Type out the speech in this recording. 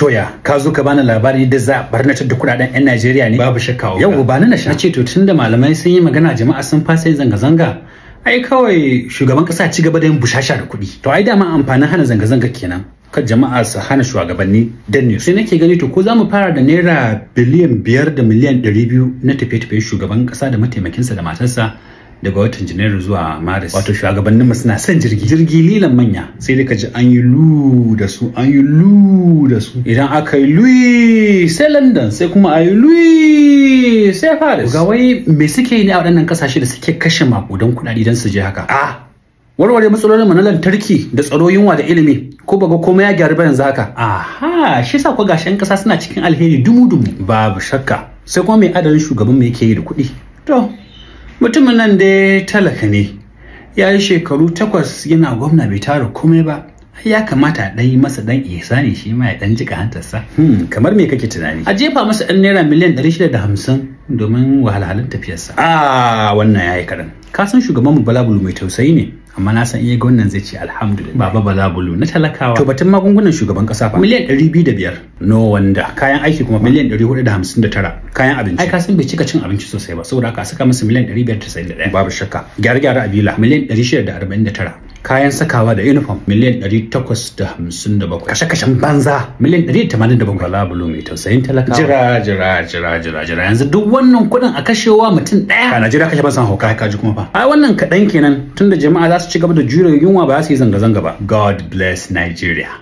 toya ka zo ka bani labari da za barnatar da kudaden yan Najeriya ne babu shakka yau ba na sha ce to tunda malamai sun yi magana jama'a sun fasa yin zanga zanga ai kawai shugaban kasa ci gaba da yin bushasha da kuɗi to ai dama amfanin hana zanga zanga kenan kan jama'a su hana shugabanni danne sai nake gani to ko za mu fara da naira biliyan biyar da miliyan ɗari biyu na tafiye tafiye shugaban kasa da mataimakinsa da matarsa daga watan janairu zuwa maris wato shugabannin mu suna son jirgi jirgi lilan manya sai da ka ji an yi lu da su an yi lu da su idan aka yi lu sai london sai kuma a yi lu sai paris ga wai me suke yi ne a waɗannan kasashe da suke kashe makudan kuɗaɗe don su je haka a warware matsalolin mu na lantarki da tsaro yunwa da ilimi ko ga komai ya gyaru ba yanzu haka aha shi sa ko gashin kasa suna cikin alheri dumu dumu babu shakka sai kuma mai adalin shugaban mu yake yi da kuɗi to mutumin nan dai talaka ne ya yi shekaru takwas yana gwamna bai tara komai ba ya kamata a yi masa ɗan isa ne, shi ma ya ɗan jika hantarsa hmm, kamar me kake tunani a jefa masa ɗan naira miliyan 650 domin wahalhalun tafiyarsa a ah, wannan ya yi karan ka san shugaban mu balabulu mai tausayi ne amma na san iya wannan zai ce alhamdulillah baba balabulu na talakawa to batun magungunan shugaban ƙasa fa miliyan biyar. no wanda kayan aiki kuma miliyan ɗari da da hamsin tara kayan abinci ai ka san bai cika cin abinci sosai ba saboda haka saka masa miliyan ɗari biyar da ɗaya. babu shakka gyare-gyare abila miliyan ɗari shida da da arba'in tara. kayan sakawa da uniform miliyan 857 kashe-kashen banza miliyan 187 bala bulu mai tausayin talakawa jira jira jira jira jira yanzu duk wannan kuɗin a kashewa mutum ɗaya a najeriya kashe ban san hauka kaji kuma fa ai wannan kaɗan kenan tunda jama'a za su ci gaba da jure yunwa ba za su yi zanga-zanga ba god bless nigeria